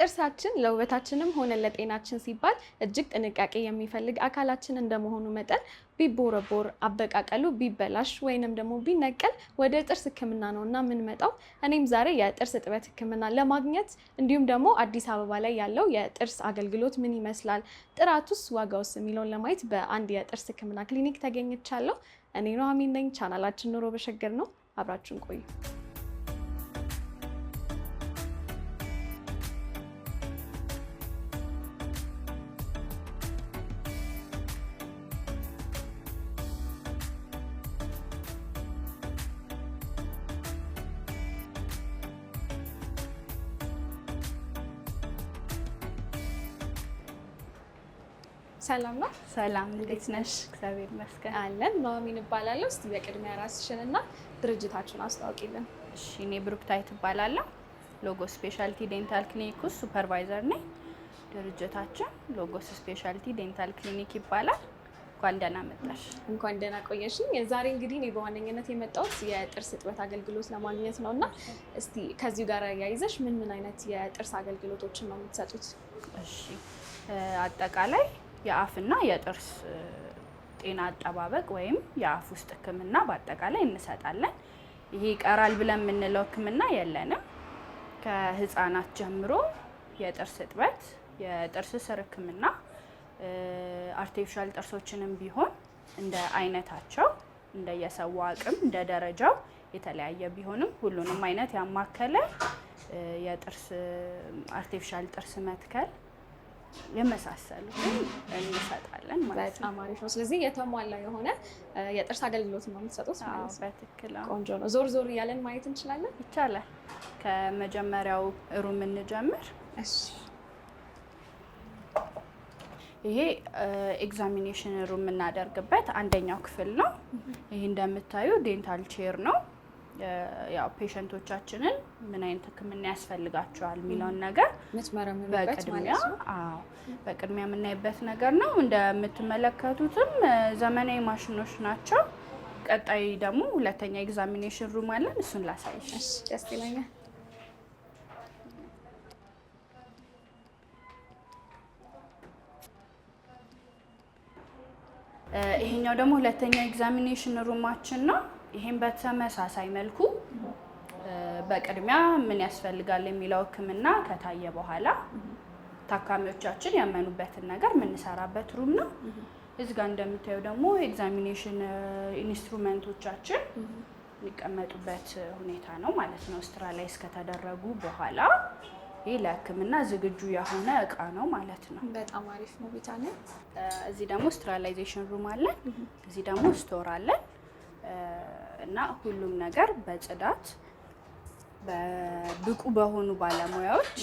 ጥርሳችን ለውበታችንም ሆነ ለጤናችን ሲባል እጅግ ጥንቃቄ የሚፈልግ አካላችን እንደመሆኑ መጠን ቢቦረቦር፣ አበቃቀሉ ቢበላሽ ወይንም ደግሞ ቢነቀል ወደ ጥርስ ሕክምና ነው እና የምንመጣው። እኔም ዛሬ የጥርስ እጥበት ሕክምና ለማግኘት እንዲሁም ደግሞ አዲስ አበባ ላይ ያለው የጥርስ አገልግሎት ምን ይመስላል፣ ጥራቱስ፣ ዋጋውስ የሚለውን ለማየት በአንድ የጥርስ ሕክምና ክሊኒክ ተገኝቻለሁ። እኔ አሚን ነኝ። ቻናላችን ኑሮ በሸገር ነው። አብራችን ቆዩ። ሰላም ነው። ሰላም እንዴት ነሽ? እግዚአብሔር ይመስገን አለን። ኑሐሚን እባላለሁ። እስቲ በቅድሚያ ራስሽን እና ድርጅታችሁን አስተዋውቂልን። እሺ፣ እኔ ብሩክታይት እባላለሁ። ሎጎ ስፔሻልቲ ዴንታል ክሊኒክ ውስጥ ሱፐርቫይዘር ነኝ። ድርጅታችን ሎጎስ ስፔሻልቲ ዴንታል ክሊኒክ ይባላል። እንኳን ደህና መጣሽ። እንኳን ደህና ቆየሽኝ። የዛሬ እንግዲህ እኔ በዋነኝነት የመጣሁት የጥርስ እጥበት አገልግሎት ለማግኘት ነው እና እስቲ ከዚሁ ጋር ያይዘሽ ምን ምን አይነት የጥርስ አገልግሎቶችን ነው የምትሰጡት? እሺ አጠቃላይ የአፍና የጥርስ ጤና አጠባበቅ ወይም የአፍ ውስጥ ህክምና በአጠቃላይ እንሰጣለን። ይሄ ይቀራል ብለን የምንለው ህክምና የለንም። ከህፃናት ጀምሮ የጥርስ እጥበት፣ የጥርስ ስር ህክምና፣ አርቲፊሻል ጥርሶችንም ቢሆን እንደ አይነታቸው እንደ የሰው አቅም እንደ ደረጃው የተለያየ ቢሆንም ሁሉንም አይነት ያማከለ የጥርስ አርቲፊሻል ጥርስ መትከል የመሳሰሉ እንሰጣለን ማለት ነው። አሪፍ ነው። ስለዚህ የተሟላ የሆነ የጥርስ አገልግሎት ነው የምትሰጡት ማለት ነው። በትክክል ቆንጆ ነው። ዞር ዞር እያለን ማየት እንችላለን? ይቻላል። ከመጀመሪያው ሩም እንጀምር። ይሄ ኤግዛሚኔሽን ሩም የምናደርግበት አንደኛው ክፍል ነው። ይሄ እንደምታዩ ዴንታል ቼር ነው። ያው ፔሸንቶቻችንን ምን አይነት ህክምና ያስፈልጋቸዋል የሚለውን ነገር በቅድሚያ በቅድሚያ የምናይበት ነገር ነው። እንደምትመለከቱትም ዘመናዊ ማሽኖች ናቸው። ቀጣይ ደግሞ ሁለተኛ ኤግዛሚኔሽን ሩም አለን። እሱን ላሳይሽ ደስ ይለኛል። ይሄኛው ደግሞ ሁለተኛ ኤግዛሚኔሽን ሩማችን ነው። ይሄን በተመሳሳይ መልኩ በቅድሚያ ምን ያስፈልጋል የሚለው ህክምና ከታየ በኋላ ታካሚዎቻችን ያመኑበትን ነገር የምንሰራበት ሩም ነው። እዚህ ጋር እንደምታየው ደግሞ ኤግዛሚኔሽን ኢንስትሩመንቶቻችን የሚቀመጡበት ሁኔታ ነው ማለት ነው። ስትራላይዝ ከተደረጉ በኋላ ይህ ለህክምና ዝግጁ የሆነ እቃ ነው ማለት ነው። በጣም አሪፍ ነው። እዚህ ደግሞ ስትራላይዜሽን ሩም አለን። እዚህ ደግሞ ስቶር አለን። እና ሁሉም ነገር በጽዳት በብቁ በሆኑ ባለሙያዎች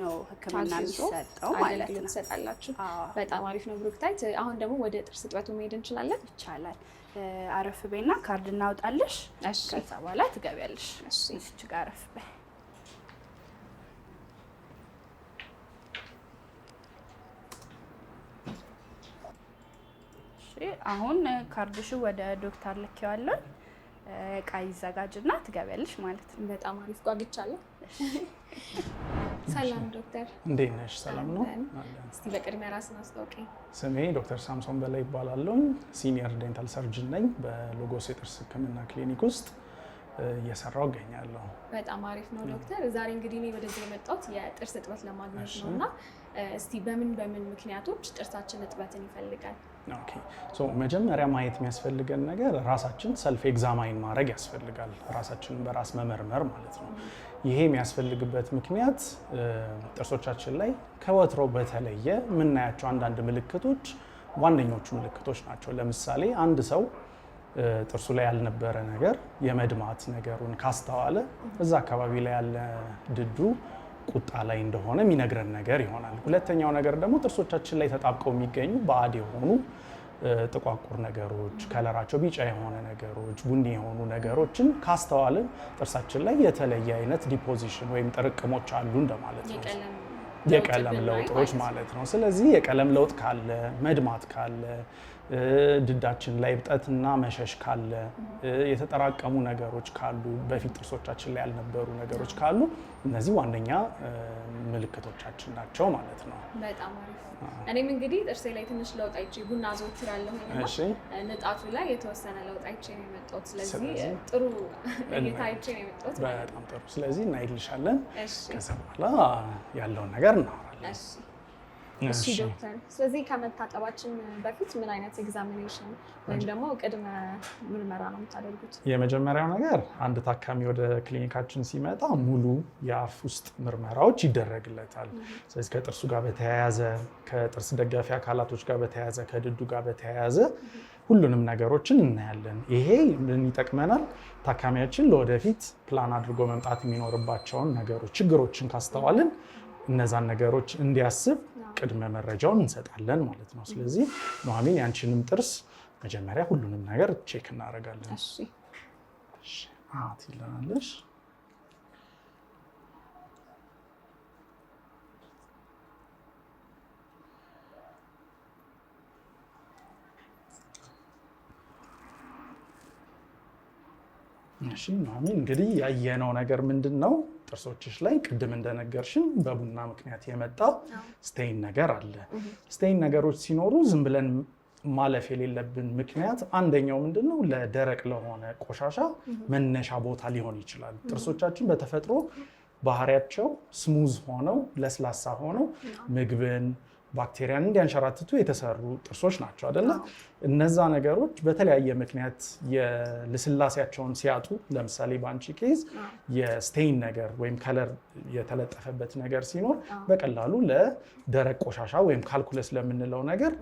ነው ሕክምና የሚሰጠው ማለት ነው። ትሰጣላችሁ። በጣም አሪፍ ነው ብሩክታይት። አሁን ደግሞ ወደ ጥርስ ጥበቱ መሄድ እንችላለን። ይቻላል። አረፍ በይና ካርድ እናውጣለሽ። ከዛ በኋላ ትገቢያለሽ። እሺ፣ ጋር አረፍ በይ አሁን ካርድሽ ወደ ዶክተር ልኬዋለሁ። እቃ ይዘጋጅና ትገቢያለሽ ማለት ነው። በጣም አሪፍ ጓግቻለሁ። ሰላም ዶክተር፣ እንዴት ነሽ? ሰላም ነው። እስቲ በቅድሚያ ራስን አስታውቂ። ስሜ ዶክተር ሳምሶን በላይ ይባላሉ። ሲኒየር ዴንታል ሰርጅን ነኝ። በሎጎስ የጥርስ ሕክምና ክሊኒክ ውስጥ እየሰራው እገኛለሁ። በጣም አሪፍ ነው ዶክተር። ዛሬ እንግዲህ እኔ ወደዚህ የመጣሁት የጥርስ እጥበት ለማግኘት ነው እና እስቲ በምን በምን ምክንያቶች ጥርሳችን እጥበትን ይፈልጋል? መጀመሪያ ማየት የሚያስፈልገን ነገር ራሳችን ሰልፍ ኤግዛማይን ማድረግ ያስፈልጋል። ራሳችንን በራስ መመርመር ማለት ነው። ይሄ የሚያስፈልግበት ምክንያት ጥርሶቻችን ላይ ከወትሮ በተለየ የምናያቸው አንዳንድ ምልክቶች ዋነኞቹ ምልክቶች ናቸው። ለምሳሌ አንድ ሰው ጥርሱ ላይ ያልነበረ ነገር የመድማት ነገሩን ካስተዋለ እዛ አካባቢ ላይ ያለ ድዱ ቁጣ ላይ እንደሆነ የሚነግረን ነገር ይሆናል። ሁለተኛው ነገር ደግሞ ጥርሶቻችን ላይ ተጣብቀው የሚገኙ ባዕድ የሆኑ ጥቋቁር ነገሮች፣ ከለራቸው ቢጫ የሆነ ነገሮች፣ ቡኒ የሆኑ ነገሮችን ካስተዋልን ጥርሳችን ላይ የተለየ አይነት ዲፖዚሽን ወይም ጥርቅሞች አሉ እንደማለት ነው። የቀለም ለውጦች ማለት ነው። ስለዚህ የቀለም ለውጥ ካለ መድማት ካለ ድዳችን ላይ እብጠትና መሸሽ ካለ የተጠራቀሙ ነገሮች ካሉ በፊት ጥርሶቻችን ላይ ያልነበሩ ነገሮች ካሉ እነዚህ ዋነኛ ምልክቶቻችን ናቸው ማለት ነው። በጣም አሪፍ። እኔም እንግዲህ ጥርሴ ላይ ትንሽ ለውጥ አይቼ ቡና አዘወትር ንጣቱ ላይ የተወሰነ ለውጥ አይቼ ነው የመጣሁት። ስለዚህ ጥሩ እይታ አይቼ ነው የመጣሁት። በጣም ጥሩ። ስለዚህ እናይልሻለን። ከዛ በኋላ ያለውን ነገር ነገር እናወራለን። እሺ ዶክተር፣ ስለዚህ ከመታጠባችን በፊት ምን አይነት ኤግዛሚኔሽን ወይም ደግሞ ቅድመ ምርመራ ነው የምታደርጉት? የመጀመሪያው ነገር አንድ ታካሚ ወደ ክሊኒካችን ሲመጣ ሙሉ የአፍ ውስጥ ምርመራዎች ይደረግለታል። ስለዚህ ከጥርሱ ጋር በተያያዘ ከጥርስ ደጋፊ አካላቶች ጋር በተያያዘ ከድዱ ጋር በተያያዘ ሁሉንም ነገሮችን እናያለን። ይሄ ምን ይጠቅመናል? ታካሚያችን ለወደፊት ፕላን አድርጎ መምጣት የሚኖርባቸውን ነገሮች ችግሮችን ካስተዋልን እነዛን ነገሮች እንዲያስብ ቅድመ መረጃውን እንሰጣለን ማለት ነው። ስለዚህ ኑሐሚን ያንቺንም ጥርስ መጀመሪያ ሁሉንም ነገር ቼክ እናደርጋለን። ትለናለሽ ኑሐሚን እንግዲህ ያየነው ነገር ምንድን ነው? ጥርሶችሽ ላይ ቅድም እንደነገርሽን በቡና ምክንያት የመጣ ስቴይን ነገር አለ። ስቴይን ነገሮች ሲኖሩ ዝም ብለን ማለፍ የሌለብን ምክንያት አንደኛው ምንድን ነው? ለደረቅ ለሆነ ቆሻሻ መነሻ ቦታ ሊሆን ይችላል። ጥርሶቻችን በተፈጥሮ ባህሪያቸው ስሙዝ ሆነው ለስላሳ ሆነው ምግብን ባክቴሪያን እንዲያንሸራትቱ የተሰሩ ጥርሶች ናቸው አደለ? እነዛ ነገሮች በተለያየ ምክንያት የልስላሴያቸውን ሲያጡ፣ ለምሳሌ በአንቺ ኬዝ የስቴይን ነገር ወይም ከለር የተለጠፈበት ነገር ሲኖር በቀላሉ ለደረቅ ቆሻሻ ወይም ካልኩለስ ለምንለው ነገር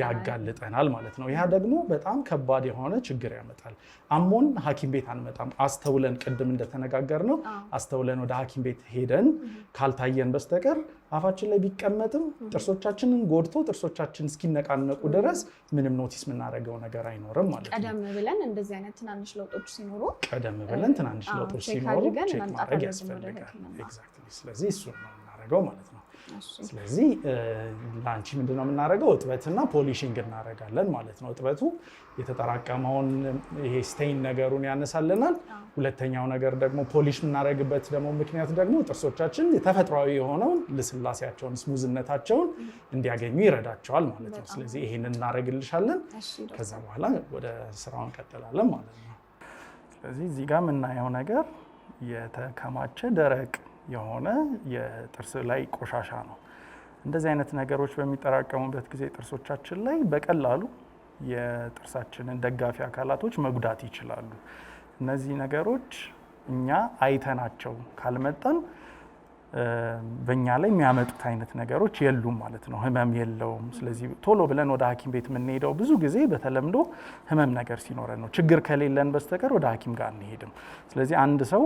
ያጋልጠናል ማለት ነው። ያ ደግሞ በጣም ከባድ የሆነ ችግር ያመጣል። አሞን ሐኪም ቤት አንመጣም። አስተውለን ቅድም እንደተነጋገር ነው አስተውለን ወደ ሐኪም ቤት ሄደን ካልታየን በስተቀር አፋችን ላይ ቢቀመጥም ጥርሶቻችንን ጎድቶ ጥርሶቻችን እስኪነቃነቁ ድረስ ምንም ኖቲስ የምናደርገው ነገር አይኖርም ማለት ነው። ቀደም ብለን እንደዚህ አይነት ትናንሽ ለውጦች ሲኖሩ ቀደም ብለን ትናንሽ ለውጦች ሲኖሩ ቼክ ማድረግ ያስፈልጋል። ስለዚህ እሱ ነው የምናደርገው ማለት ነው። ስለዚህ ላንቺ ምንድነው የምናደርገው? እጥበትና ፖሊሽንግ እናደርጋለን ማለት ነው። እጥበቱ የተጠራቀመውን ይሄ ስቴይን ነገሩን ያነሳልናል። ሁለተኛው ነገር ደግሞ ፖሊሽ የምናደርግበት ደግሞ ምክንያት ደግሞ ጥርሶቻችን ተፈጥሯዊ የሆነውን ልስላሴያቸውን፣ ስሙዝነታቸውን እንዲያገኙ ይረዳቸዋል ማለት ነው። ስለዚህ ይሄን እናደርግልሻለን። ከዛ በኋላ ወደ ስራው እንቀጥላለን ማለት ነው። ስለዚህ እዚህ ጋር የምናየው ነገር የተከማቸ ደረቅ የሆነ የጥርስ ላይ ቆሻሻ ነው። እንደዚህ አይነት ነገሮች በሚጠራቀሙበት ጊዜ ጥርሶቻችን ላይ በቀላሉ የጥርሳችንን ደጋፊ አካላቶች መጉዳት ይችላሉ። እነዚህ ነገሮች እኛ አይተናቸው ካልመጠን በእኛ ላይ የሚያመጡት አይነት ነገሮች የሉም ማለት ነው። ህመም የለውም። ስለዚህ ቶሎ ብለን ወደ ሐኪም ቤት የምንሄደው ብዙ ጊዜ በተለምዶ ህመም ነገር ሲኖረን ነው። ችግር ከሌለን በስተቀር ወደ ሐኪም ጋር አንሄድም። ስለዚህ አንድ ሰው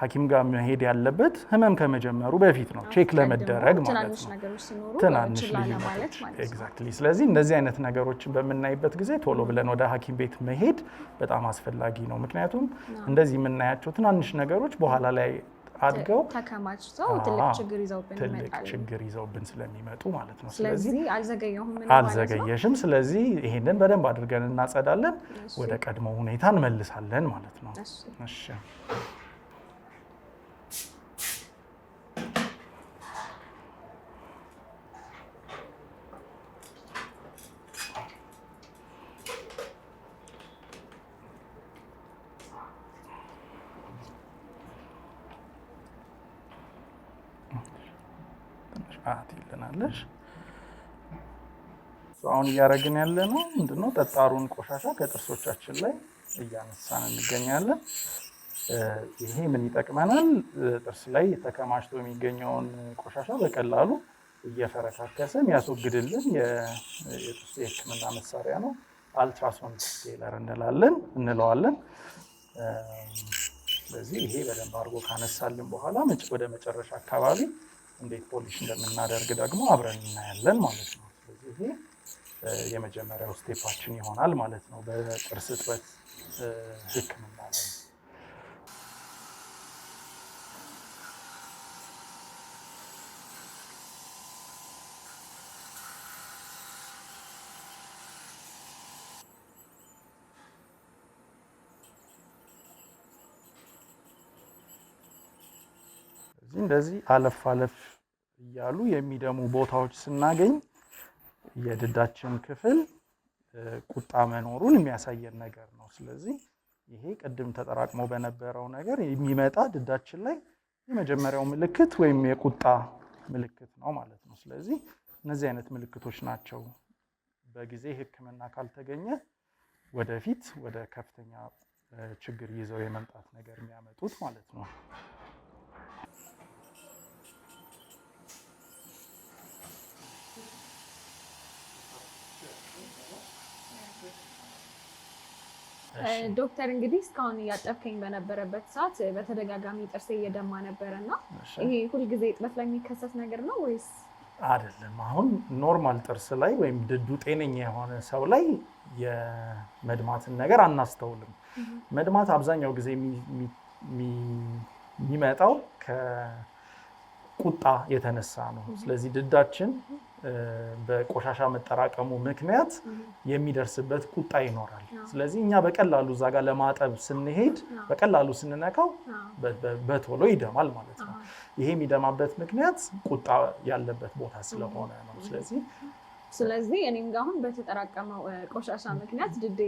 ሐኪም ጋር መሄድ ያለበት ህመም ከመጀመሩ በፊት ነው፣ ቼክ ለመደረግ ማለት ነው። ትናንሽ ልዩነቶች ኤግዛክትሊ። ስለዚህ እንደዚህ አይነት ነገሮችን በምናይበት ጊዜ ቶሎ ብለን ወደ ሐኪም ቤት መሄድ በጣም አስፈላጊ ነው። ምክንያቱም እንደዚህ የምናያቸው ትናንሽ ነገሮች በኋላ ላይ አድገው ተከማችተው ችግር ይዘውብን ትልቅ ችግር ይዘውብን ስለሚመጡ ማለት ነው። ስለዚህ አልዘገየሽም። ስለዚህ ይሄንን በደንብ አድርገን እናጸዳለን፣ ወደ ቀድሞ ሁኔታ እንመልሳለን ማለት ነው። እሺ ትይልናለሽ። አሁን እያደረግን ያለ ነው ምንድነው ጠጣሩን ቆሻሻ ከጥርሶቻችን ላይ እያነሳን እንገኛለን። ይሄ ምን ይጠቅመናል? ጥርስ ላይ ተከማችቶ የሚገኘውን ቆሻሻ በቀላሉ እየፈረካከሰን ያስወግድልን የጥርስ የሕክምና መሳሪያ ነው። አልትራሶን ስኬለር እንላለን እንለዋለን። ስለዚህ ይሄ በደንብ አድርጎ ካነሳልን በኋላ ወደ መጨረሻ አካባቢ እንዴት ፖሊሽ እንደምናደርግ ደግሞ አብረን እናያለን ማለት ነው። ስለዚህ ይሄ የመጀመሪያው ስቴፓችን ይሆናል ማለት ነው በጥርስ እጥበት ሕክምና ላይ ስለዚህ እንደዚህ አለፍ አለፍ እያሉ የሚደሙ ቦታዎች ስናገኝ የድዳችን ክፍል ቁጣ መኖሩን የሚያሳየን ነገር ነው። ስለዚህ ይሄ ቅድም ተጠራቅሞ በነበረው ነገር የሚመጣ ድዳችን ላይ የመጀመሪያው ምልክት ወይም የቁጣ ምልክት ነው ማለት ነው። ስለዚህ እነዚህ አይነት ምልክቶች ናቸው በጊዜ ሕክምና ካልተገኘ ወደፊት ወደ ከፍተኛ ችግር ይዘው የመምጣት ነገር የሚያመጡት ማለት ነው። ዶክተር እንግዲህ እስካሁን እያጠብከኝ በነበረበት ሰዓት በተደጋጋሚ ጥርሴ እየደማ ነበረ እና ይሄ ሁልጊዜ ጥበት ላይ የሚከሰት ነገር ነው ወይስ አይደለም? አሁን ኖርማል ጥርስ ላይ ወይም ድዱ ጤነኛ የሆነ ሰው ላይ የመድማትን ነገር አናስተውልም። መድማት አብዛኛው ጊዜ የሚመጣው ከቁጣ የተነሳ ነው። ስለዚህ ድዳችን በቆሻሻ መጠራቀሙ ምክንያት የሚደርስበት ቁጣ ይኖራል። ስለዚህ እኛ በቀላሉ እዛ ጋር ለማጠብ ስንሄድ በቀላሉ ስንነካው በቶሎ ይደማል ማለት ነው። ይሄ የሚደማበት ምክንያት ቁጣ ያለበት ቦታ ስለሆነ ነው። ስለዚህ ስለዚህ እኔም ጋር አሁን በተጠራቀመው ቆሻሻ ምክንያት ድዴ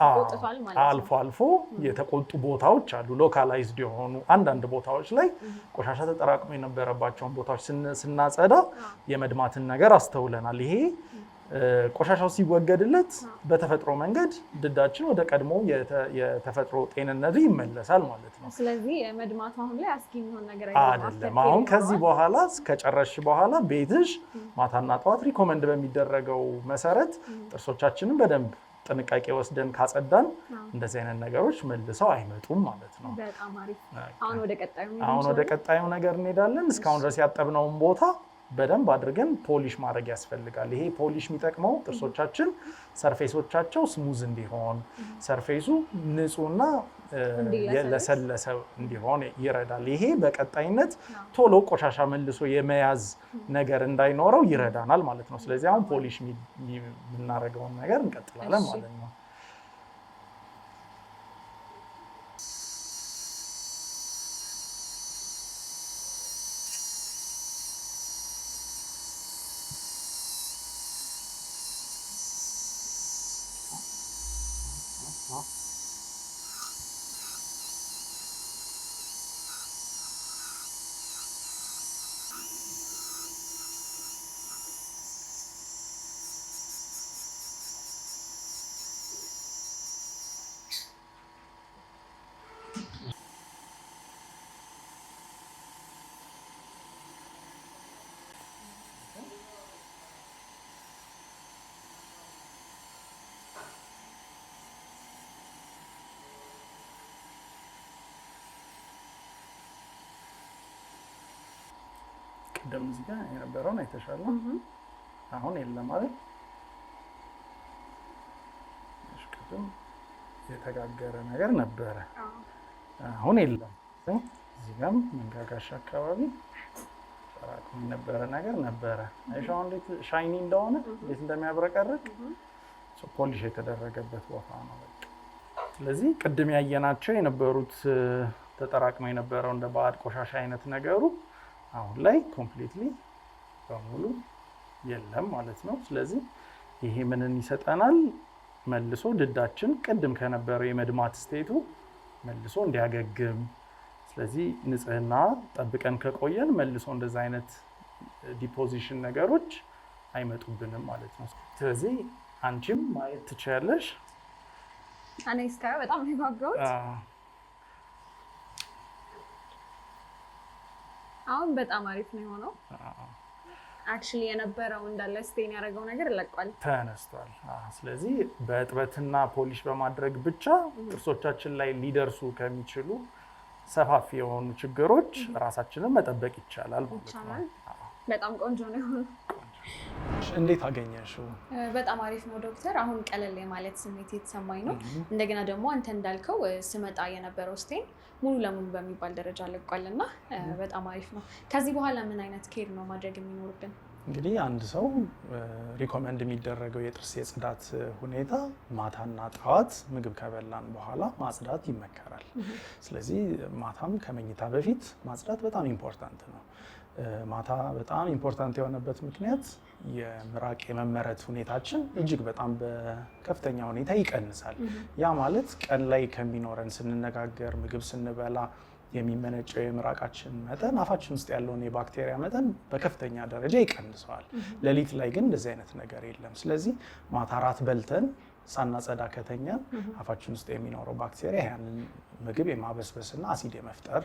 ተቆጥቷል ማለት ነው። አልፎ አልፎ የተቆጡ ቦታዎች አሉ። ሎካላይዝድ የሆኑ አንዳንድ ቦታዎች ላይ ቆሻሻ ተጠራቅሞ የነበረባቸውን ቦታዎች ስናጸዳ የመድማትን ነገር አስተውለናል። ይሄ ቆሻሻው ሲወገድለት በተፈጥሮ መንገድ ድዳችን ወደ ቀድሞ የተፈጥሮ ጤንነቱ ይመለሳል ማለት ነው። ስለዚህ መድማት አሁን ላይ አስጊ የሚሆን ነገር አይደለም። አሁን ከዚህ በኋላ ከጨረሽ በኋላ ቤትሽ ማታና ጠዋት ሪኮመንድ በሚደረገው መሰረት ጥርሶቻችንን በደንብ ጥንቃቄ ወስደን ካጸዳን እንደዚህ አይነት ነገሮች መልሰው አይመጡም ማለት ነው። አሁን ወደ ቀጣዩ ነገር እንሄዳለን። እስካሁን ድረስ ያጠብነውን ቦታ በደንብ አድርገን ፖሊሽ ማድረግ ያስፈልጋል። ይሄ ፖሊሽ የሚጠቅመው ጥርሶቻችን ሰርፌሶቻቸው ስሙዝ እንዲሆን፣ ሰርፌሱ ንጹህና የለሰለሰ እንዲሆን ይረዳል። ይሄ በቀጣይነት ቶሎ ቆሻሻ መልሶ የመያዝ ነገር እንዳይኖረው ይረዳናል ማለት ነው። ስለዚህ አሁን ፖሊሽ የምናደርገውን ነገር እንቀጥላለን ማለት ነው። ደር ሙዚቃ የነበረውን አይተሻል። አሁን የለም ማለት ቅድም የተጋገረ ነገር ነበረ፣ አሁን የለም። እዚህ ጋም አካባቢ ጠራቅም የነበረ ነገር ነበረ። አይሻው እንዴት ሻይኒ እንደሆነ እንዴት እንደሚያብረቀርቅ ፖሊሽ የተደረገበት ቦታ ነው። ስለዚህ ቅድም ያየናቸው የነበሩት ተጠራቅመው የነበረው እንደ ባዕድ ቆሻሻ አይነት ነገሩ አሁን ላይ ኮምፕሊትሊ በሙሉ የለም ማለት ነው። ስለዚህ ይሄ ምንን ይሰጠናል? መልሶ ድዳችን ቅድም ከነበረው የመድማት ስቴቱ መልሶ እንዲያገግም። ስለዚህ ንጽህና ጠብቀን ከቆየን መልሶ እንደዛ አይነት ዲፖዚሽን ነገሮች አይመጡብንም ማለት ነው። ስለዚህ አንቺም ማየት ትችያለሽ። እኔ እስካሁን በጣም ነው አሁን በጣም አሪፍ ነው የሆነው። አክቹሊ የነበረው እንዳለ ስቴን ያደረገው ነገር ለቋል፣ ተነስቷል። ስለዚህ በእጥበትና ፖሊሽ በማድረግ ብቻ ጥርሶቻችን ላይ ሊደርሱ ከሚችሉ ሰፋፊ የሆኑ ችግሮች ራሳችንን መጠበቅ ይቻላል ማለት ነው። በጣም ቆንጆ ነው የሆነው። እንዴት አገኘሽው? በጣም አሪፍ ነው ዶክተር። አሁን ቀለል የማለት ስሜት የተሰማኝ ነው። እንደገና ደግሞ አንተ እንዳልከው ስመጣ የነበረው ስቴን ሙሉ ለሙሉ በሚባል ደረጃ ለቋልና በጣም አሪፍ ነው። ከዚህ በኋላ ምን አይነት ኬር ነው ማድረግ የሚኖርብን? እንግዲህ አንድ ሰው ሪኮመንድ የሚደረገው የጥርስ የጽዳት ሁኔታ ማታና ጠዋት ምግብ ከበላን በኋላ ማጽዳት ይመከራል። ስለዚህ ማታም ከመኝታ በፊት ማጽዳት በጣም ኢምፖርታንት ነው። ማታ በጣም ኢምፖርታንት የሆነበት ምክንያት የምራቅ የመመረት ሁኔታችን እጅግ በጣም በከፍተኛ ሁኔታ ይቀንሳል። ያ ማለት ቀን ላይ ከሚኖረን ስንነጋገር፣ ምግብ ስንበላ የሚመነጨው የምራቃችን መጠን አፋችን ውስጥ ያለውን የባክቴሪያ መጠን በከፍተኛ ደረጃ ይቀንሰዋል። ሌሊት ላይ ግን እንደዚህ አይነት ነገር የለም። ስለዚህ ማታ ራት በልተን ሳናጸዳ ከተኛን አፋችን ውስጥ የሚኖረው ባክቴሪያ ያንን ምግብ የማበስበስና አሲድ የመፍጠር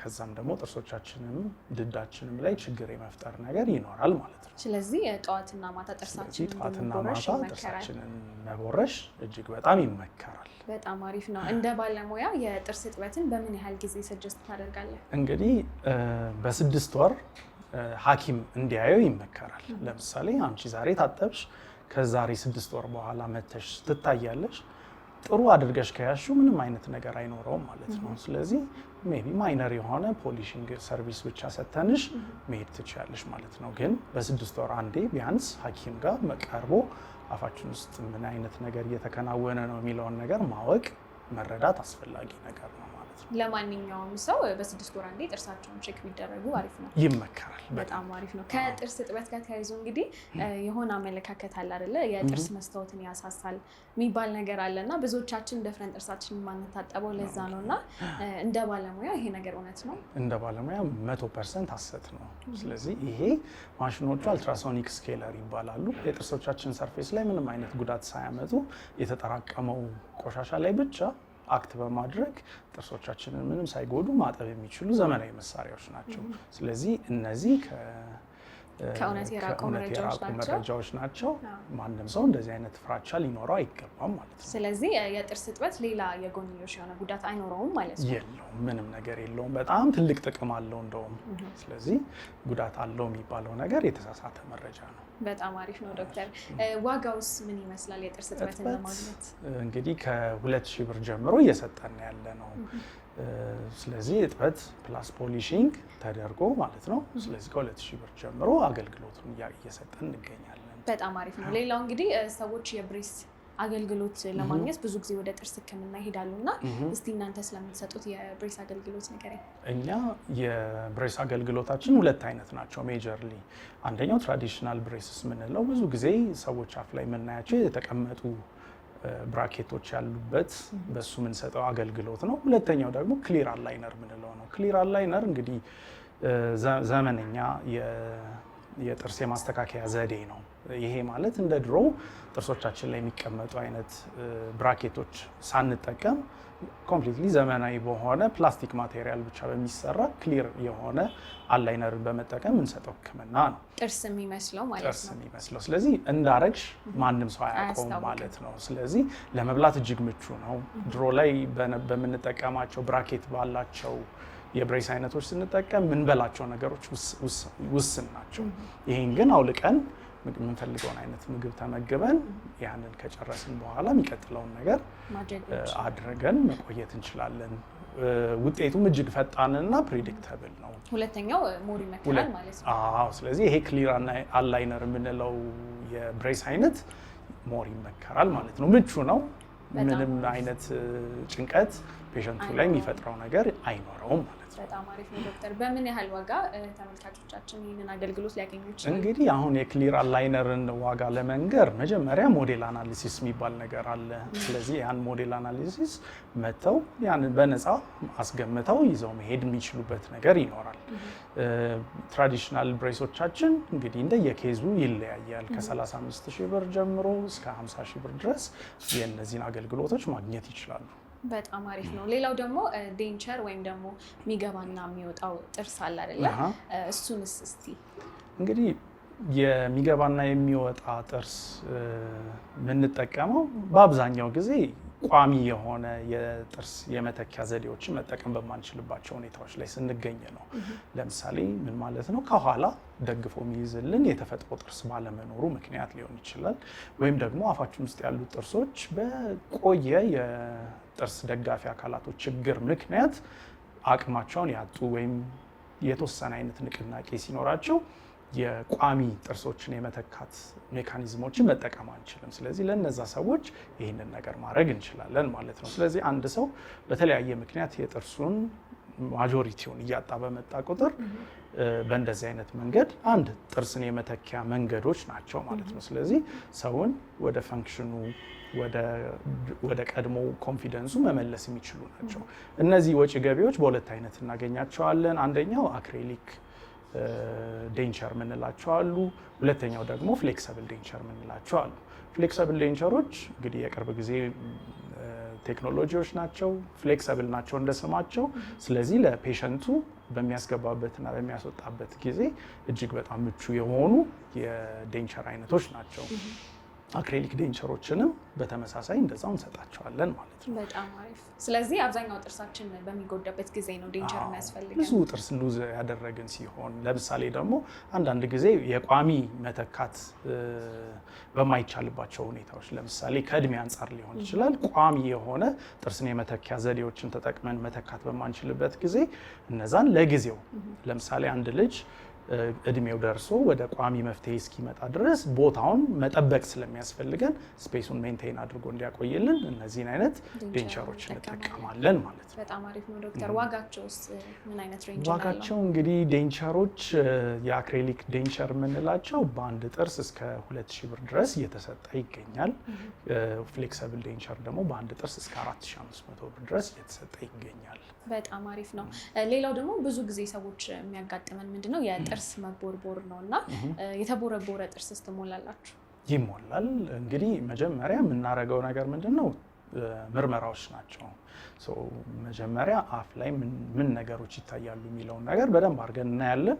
ከዛም ደግሞ ጥርሶቻችንም ድዳችንም ላይ ችግር የመፍጠር ነገር ይኖራል ማለት ነው። ስለዚህ ጠዋትና ማታ ጥርሳችንን ጠዋትና ማታ ጥርሳችንን መቦረሽ እጅግ በጣም ይመከራል። በጣም አሪፍ ነው። እንደ ባለሙያ የጥርስ እጥበትን በምን ያህል ጊዜ ስጅስት ታደርጋለህ? እንግዲህ በስድስት ወር ሐኪም እንዲያየው ይመከራል። ለምሳሌ አንቺ ዛሬ ታጠብሽ፣ ከዛሬ ስድስት ወር በኋላ መተሽ ትታያለሽ ጥሩ አድርገሽ ከያሹ ምንም አይነት ነገር አይኖረውም ማለት ነው። ስለዚህ ሜቢ ማይነር የሆነ ፖሊሽንግ ሰርቪስ ብቻ ሰተንሽ መሄድ ትችያለሽ ማለት ነው። ግን በስድስት ወር አንዴ ቢያንስ ሐኪም ጋር መቀርቦ አፋችን ውስጥ ምን አይነት ነገር እየተከናወነ ነው የሚለውን ነገር ማወቅ መረዳት አስፈላጊ ነገር ነው። ለማንኛውም ሰው በስድስት ወር አንዴ ጥርሳቸውን ቼክ ቢደረጉ አሪፍ ነው፣ ይመከራል። በጣም አሪፍ ነው። ከጥርስ እጥበት ጋር ተያይዞ እንግዲህ የሆነ አመለካከት አለ አይደለ? የጥርስ መስታወትን ያሳሳል የሚባል ነገር አለ እና ብዙዎቻችን ደፍረን ጥርሳችን የማንታጠበው ለዛ ነው። እና እንደ ባለሙያ ይሄ ነገር እውነት ነው? እንደ ባለሙያ መቶ ፐርሰንት አሰት ነው። ስለዚህ ይሄ ማሽኖቹ አልትራሶኒክ ስኬለር ይባላሉ። የጥርሶቻችን ሰርፌስ ላይ ምንም አይነት ጉዳት ሳያመጡ የተጠራቀመው ቆሻሻ ላይ ብቻ አክት በማድረግ ጥርሶቻችንን ምንም ሳይጎዱ ማጠብ የሚችሉ ዘመናዊ መሳሪያዎች ናቸው። ስለዚህ እነዚህ ከእውነት የራቁ መረጃዎች ናቸው። ማንም ሰው እንደዚህ አይነት ፍራቻ ሊኖረው አይገባም ማለት ነው። ስለዚህ የጥርስ እጥበት ሌላ የጎንዮሽ የሆነ ጉዳት አይኖረውም ማለት ነው። የለውም፣ ምንም ነገር የለውም። በጣም ትልቅ ጥቅም አለው እንደውም። ስለዚህ ጉዳት አለው የሚባለው ነገር የተሳሳተ መረጃ ነው። በጣም አሪፍ ነው ዶክተር። ዋጋውስ ምን ይመስላል? የጥርስ እጥበትን ለማግኘት እንግዲህ ከሁለት ሺህ ብር ጀምሮ እየሰጠን ያለ ነው። ስለዚህ እጥበት ፕላስ ፖሊሽንግ ተደርጎ ማለት ነው። ስለዚህ ከሁለት ሺህ ብር ጀምሮ አገልግሎቱን እየሰጠን እንገኛለን። በጣም አሪፍ ነው። ሌላው እንግዲህ ሰዎች የብሬስ አገልግሎት ለማግኘት ብዙ ጊዜ ወደ ጥርስ ሕክምና ይሄዳሉ እና እስቲ እናንተ ስለምትሰጡት የብሬስ አገልግሎት ነገር እኛ የብሬስ አገልግሎታችን ሁለት አይነት ናቸው ሜጀርሊ። አንደኛው ትራዲሽናል ብሬስስ የምንለው ብዙ ጊዜ ሰዎች አፍ ላይ የምናያቸው የተቀመጡ ብራኬቶች ያሉበት በሱ የምንሰጠው አገልግሎት ነው። ሁለተኛው ደግሞ ክሊር አላይነር ምንለው ነው። ክሊር አላይነር እንግዲህ ዘመነኛ የጥርስ የማስተካከያ ዘዴ ነው። ይሄ ማለት እንደ ድሮ ጥርሶቻችን ላይ የሚቀመጡ አይነት ብራኬቶች ሳንጠቀም ኮምፕሊትሊ ዘመናዊ በሆነ ፕላስቲክ ማቴሪያል ብቻ በሚሰራ ክሊር የሆነ አላይነርን በመጠቀም የምንሰጠው ሕክምና ነው። ጥርስ የሚመስለው ማለት ነው። ጥርስ የሚመስለው ስለዚህ እንዳረግሽ ማንም ሰው አያውቀውም ማለት ነው። ስለዚህ ለመብላት እጅግ ምቹ ነው። ድሮ ላይ በምንጠቀማቸው ብራኬት ባላቸው የብሬስ አይነቶች ስንጠቀም ምንበላቸው ነገሮች ውስን ናቸው። ይህን ግን አውልቀን የምንፈልገውን አይነት ምግብ ተመግበን ያንን ከጨረስን በኋላ የሚቀጥለውን ነገር አድርገን መቆየት እንችላለን። ውጤቱም እጅግ ፈጣንና ፕሪዲክተብል ነው። ሁለተኛው ሞር ይመከራል ማለት ነው። ስለዚህ ይሄ ክሊር አላይነር የምንለው የብሬስ አይነት ሞር ይመከራል ማለት ነው። ምቹ ነው። ምንም አይነት ጭንቀት ፔሸንቱ ላይ የሚፈጥረው ነገር አይኖረውም ማለት ነው። በጣም አሪፍ ነው ዶክተር። በምን ያህል ዋጋ ተመልካቾቻችን ይህንን አገልግሎት ሊያገኙ ይችላል? እንግዲህ አሁን የክሊር አላይነርን ዋጋ ለመንገር መጀመሪያ ሞዴል አናሊሲስ የሚባል ነገር አለ። ስለዚህ ያን ሞዴል አናሊሲስ መጥተው ያን በነፃ አስገምተው ይዘው መሄድ የሚችሉበት ነገር ይኖራል። ትራዲሽናል ብሬሶቻችን እንግዲህ እንደየኬዙ ይለያያል። ከ35 ሺህ ብር ጀምሮ እስከ 50 ሺህ ብር ድረስ የእነዚህን አገልግሎቶች ማግኘት ይችላሉ። በጣም አሪፍ ነው። ሌላው ደግሞ ዴንቸር ወይም ደግሞ የሚገባና የሚወጣው ጥርስ አለ አይደለ? እሱንስ እስቲ እንግዲህ የሚገባና የሚወጣ ጥርስ የምንጠቀመው በአብዛኛው ጊዜ ቋሚ የሆነ የጥርስ የመተኪያ ዘዴዎችን መጠቀም በማንችልባቸው ሁኔታዎች ላይ ስንገኝ ነው። ለምሳሌ ምን ማለት ነው? ከኋላ ደግፎ የሚይዝልን የተፈጥሮ ጥርስ ባለመኖሩ ምክንያት ሊሆን ይችላል። ወይም ደግሞ አፋችን ውስጥ ያሉት ጥርሶች በቆየ የጥርስ ደጋፊ አካላቶች ችግር ምክንያት አቅማቸውን ያጡ ወይም የተወሰነ አይነት ንቅናቄ ሲኖራቸው የቋሚ ጥርሶችን የመተካት ሜካኒዝሞችን መጠቀም አንችልም። ስለዚህ ለነዛ ሰዎች ይህንን ነገር ማድረግ እንችላለን ማለት ነው። ስለዚህ አንድ ሰው በተለያየ ምክንያት የጥርሱን ማጆሪቲውን እያጣ በመጣ ቁጥር በእንደዚህ አይነት መንገድ አንድ ጥርስን የመተኪያ መንገዶች ናቸው ማለት ነው። ስለዚህ ሰውን ወደ ፈንክሽኑ ወደ ቀድሞ ኮንፊደንሱ መመለስ የሚችሉ ናቸው። እነዚህ ወጪ ገቢዎች በሁለት አይነት እናገኛቸዋለን። አንደኛው አክሬሊክ ዴንቸር የምንላቸው አሉ። ሁለተኛው ደግሞ ፍሌክሰብል ዴንቸር የምንላቸው አሉ። ፍሌክሰብል ዴንቸሮች እንግዲህ የቅርብ ጊዜ ቴክኖሎጂዎች ናቸው። ፍሌክሰብል ናቸው እንደስማቸው ስለዚህ ለፔሸንቱ በሚያስገባበትና በሚያስወጣበት ጊዜ እጅግ በጣም ምቹ የሆኑ የዴንቸር አይነቶች ናቸው። አክሬሊክ ዴንቸሮችንም በተመሳሳይ እንደዛው እንሰጣቸዋለን ማለት ነው። በጣም አሪፍ። ስለዚህ አብዛኛው ጥርሳችን በሚጎዳበት ጊዜ ነው ዴንቸር የሚያስፈልገን። ብዙ ጥርስ ሉዝ ያደረግን ሲሆን፣ ለምሳሌ ደግሞ አንዳንድ ጊዜ የቋሚ መተካት በማይቻልባቸው ሁኔታዎች፣ ለምሳሌ ከእድሜ አንጻር ሊሆን ይችላል። ቋሚ የሆነ ጥርስን የመተኪያ ዘዴዎችን ተጠቅመን መተካት በማንችልበት ጊዜ እነዛን ለጊዜው ለምሳሌ አንድ ልጅ እድሜው ደርሶ ወደ ቋሚ መፍትሄ እስኪመጣ ድረስ ቦታውን መጠበቅ ስለሚያስፈልገን ስፔሱን ሜንቴን አድርጎ እንዲያቆይልን እነዚህን አይነት ዴንቸሮች እንጠቀማለን ማለት ነው። በጣም አሪፍ ነው ዶክተር። ዋጋቸውስ ምን አይነት ሬንጅ ነው? ዋጋቸው እንግዲህ ዴንቸሮች የአክሬሊክ ዴንቸር የምንላቸው በአንድ ጥርስ እስከ ሁለት ብር ድረስ እየተሰጠ ይገኛል። ፍሌክሰብል ዴንቸር ደግሞ በአንድ ጥርስ እስከ 4500 መቶ ብር ድረስ እየተሰጠ ይገኛል። በጣም አሪፍ ነው። ሌላው ደግሞ ብዙ ጊዜ ሰዎች የሚያጋጥመን ምንድን ነው ጥርስ መቦርቦር ነው እና የተቦረቦረ ጥርስ ትሞላላችሁ? ይሞላል። እንግዲህ መጀመሪያ የምናደርገው ነገር ምንድን ነው? ምርመራዎች ናቸው። መጀመሪያ አፍ ላይ ምን ነገሮች ይታያሉ የሚለውን ነገር በደንብ አድርገን እናያለን።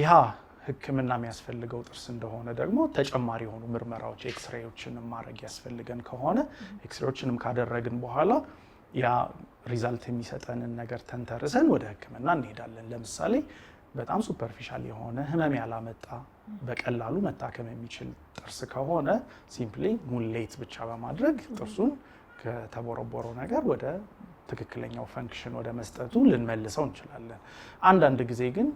ይሃ ሕክምና የሚያስፈልገው ጥርስ እንደሆነ ደግሞ ተጨማሪ የሆኑ ምርመራዎች ኤክስሬዎችንም ማድረግ ያስፈልገን ከሆነ ኤክስሬዎችንም ካደረግን በኋላ ያ ሪዛልት የሚሰጠንን ነገር ተንተርሰን ወደ ሕክምና እንሄዳለን። ለምሳሌ በጣም ሱፐርፊሻል የሆነ ህመም ያላመጣ በቀላሉ መታከም የሚችል ጥርስ ከሆነ ሲምፕሊ ሙሌት ብቻ በማድረግ ጥርሱን ከተቦረቦረው ነገር ወደ ትክክለኛው ፈንክሽን ወደ መስጠቱ ልንመልሰው እንችላለን። አንዳንድ ጊዜ ግን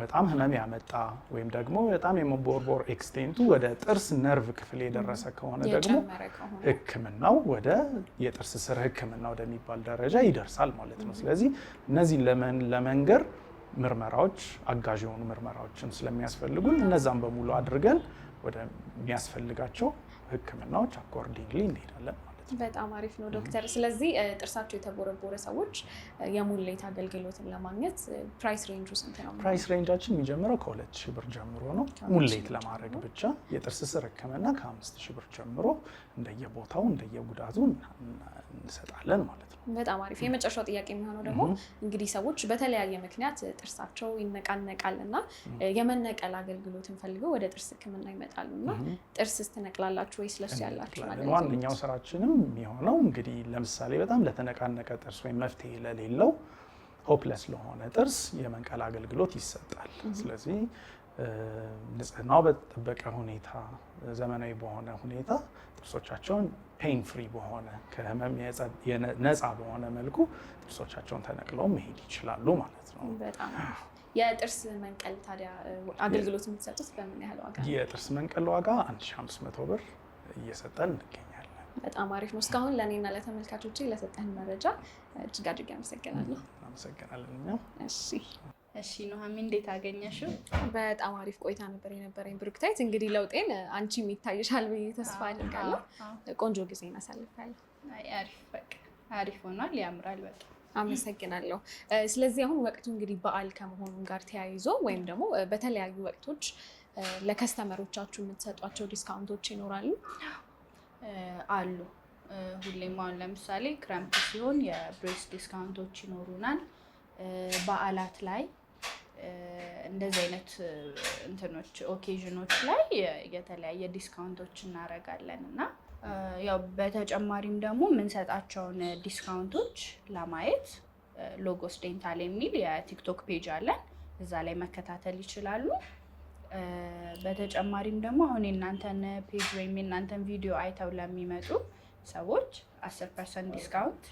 በጣም ህመም ያመጣ ወይም ደግሞ በጣም የመቦርቦር ኤክስቴንቱ ወደ ጥርስ ነርቭ ክፍል የደረሰ ከሆነ ደግሞ ህክምናው ወደ የጥርስ ስር ህክምና ወደሚባል ደረጃ ይደርሳል ማለት ነው። ስለዚህ እነዚህን ለመንገር ምርመራዎች አጋዥ የሆኑ ምርመራዎችን ስለሚያስፈልጉን እነዛን በሙሉ አድርገን ወደሚያስፈልጋቸው ሕክምናዎች አኮርዲንግሊ እንሄዳለን። በጣም አሪፍ ነው ዶክተር። ስለዚህ ጥርሳቸው የተቦረቦረ ሰዎች የሙሌት አገልግሎትን ለማግኘት ፕራይስ ሬንጁ ስንት ነው? ፕራይስ ሬንጃችን የሚጀምረው ከሁለት ሺህ ብር ጀምሮ ነው ሙሌት ለማድረግ ብቻ። የጥርስ ስር ሕክምና ከአምስት ሺህ ብር ጀምሮ እንደየቦታው እንደየጉዳቱ እንሰጣለን ማለት ነው። በጣም አሪፍ። የመጨረሻው ጥያቄ የሚሆነው ደግሞ እንግዲህ ሰዎች በተለያየ ምክንያት ጥርሳቸው ይነቃነቃል እና የመነቀል አገልግሎትን ፈልገው ወደ ጥርስ ህክምና ይመጣሉ እና ጥርስ ስትነቅላላችሁ ወይ ስለሱ ያላችሁ ዋነኛው ስራችንም የሚሆነው እንግዲህ ለምሳሌ በጣም ለተነቃነቀ ጥርስ ወይም መፍትሄ ለሌለው ሆፕለስ ለሆነ ጥርስ የመንቀል አገልግሎት ይሰጣል። ስለዚህ ንጽህናው በተጠበቀ ሁኔታ ዘመናዊ በሆነ ሁኔታ ጥርሶቻቸውን ፔን ፍሪ በሆነ ከህመም ነፃ በሆነ መልኩ ጥርሶቻቸውን ተነቅለው መሄድ ይችላሉ ማለት ነው። የጥርስ መንቀል ታዲያ አገልግሎት የምትሰጡት በምን ያህል ዋጋ? የጥርስ መንቀል ዋጋ 1500 ብር እየሰጠን እንገኛለን። በጣም አሪፍ ነው። እስካሁን ለእኔና ለተመልካቾች ለሰጠህን መረጃ እጅግ አድርጌ አመሰግናለሁ። አመሰግናለሁ። እሺ እንዴት አገኘሽው? በጣም አሪፍ ቆይታ ነበር የነበረኝ ብሩክታይት። እንግዲህ ለውጤን አንቺም ይታይሻል ብዬ ተስፋ አድርጋለሁ። ቆንጆ ጊዜ እናሳልፋለን። አሪፍ በቃ አሪፍ ሆኗል። ያምራል በቃ አመሰግናለሁ። ስለዚህ አሁን ወቅቱ እንግዲህ በዓል ከመሆኑ ጋር ተያይዞ ወይም ደግሞ በተለያዩ ወቅቶች ለከስተመሮቻችሁ የምትሰጧቸው ዲስካውንቶች ይኖራሉ? አሉ። ሁሌም አሁን ለምሳሌ ክረምት ሲሆን የብሬስ ዲስካውንቶች ይኖሩናል። በዓላት ላይ እንደዚህ አይነት እንትኖች ኦኬዥኖች ላይ የተለያየ ዲስካውንቶች እናደርጋለን እና ያው በተጨማሪም ደግሞ የምንሰጣቸውን ዲስካውንቶች ለማየት ሎጎስ ዴንታል የሚል የቲክቶክ ፔጅ አለን። እዛ ላይ መከታተል ይችላሉ። በተጨማሪም ደግሞ አሁን የእናንተን ፔጅ ወይም የእናንተን ቪዲዮ አይተው ለሚመጡ ሰዎች አስር ፐርሰንት ዲስካውንት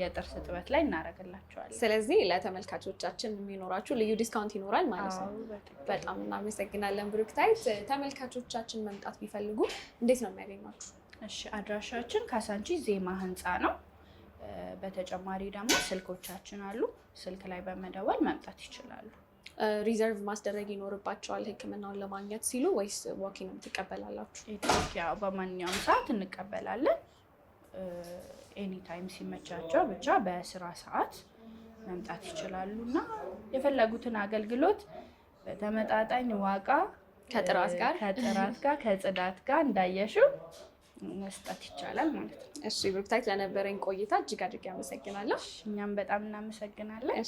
የጥርስ ጥበት ላይ እናደርግላቸዋለን። ስለዚህ ለተመልካቾቻችን የሚኖራችሁ ልዩ ዲስካውንት ይኖራል ማለት ነው። በጣም እናመሰግናለን ብሩክታይት። ተመልካቾቻችን መምጣት ቢፈልጉ እንዴት ነው የሚያገኟችሁ? እሺ አድራሻችን ካሳንቺ ዜማ ህንፃ ነው። በተጨማሪ ደግሞ ስልኮቻችን አሉ። ስልክ ላይ በመደወል መምጣት ይችላሉ። ሪዘርቭ ማስደረግ ይኖርባቸዋል ህክምናውን ለማግኘት ሲሉ ወይስ ዋኪንም ትቀበላላችሁ? ኢትዮጵያ በማንኛውም ሰዓት እንቀበላለን። ኤኒታይም ሲመቻቸው ብቻ በስራ ሰዓት መምጣት ይችላሉ እና የፈለጉትን አገልግሎት በተመጣጣኝ ዋጋ ከጥራት ጋር ከጥራት ጋር ከጽዳት ጋር እንዳየሽው መስጠት ይቻላል ማለት ነው። እሺ ብሩክታይት፣ ለነበረኝ ቆይታ እጅግ አድርጌ አመሰግናለሁ። እኛም በጣም እናመሰግናለን።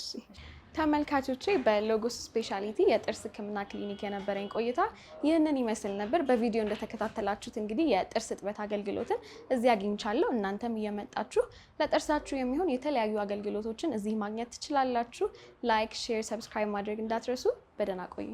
ተመልካቾቼ በሎጎስ ስፔሻሊቲ የጥርስ ህክምና ክሊኒክ የነበረኝ ቆይታ ይህንን ይመስል ነበር። በቪዲዮ እንደተከታተላችሁት እንግዲህ የጥርስ እጥበት አገልግሎትን እዚህ አግኝቻለሁ። እናንተም እየመጣችሁ ለጥርሳችሁ የሚሆን የተለያዩ አገልግሎቶችን እዚህ ማግኘት ትችላላችሁ። ላይክ፣ ሼር፣ ሰብስክራይብ ማድረግ እንዳትረሱ። በደህና ቆዩ።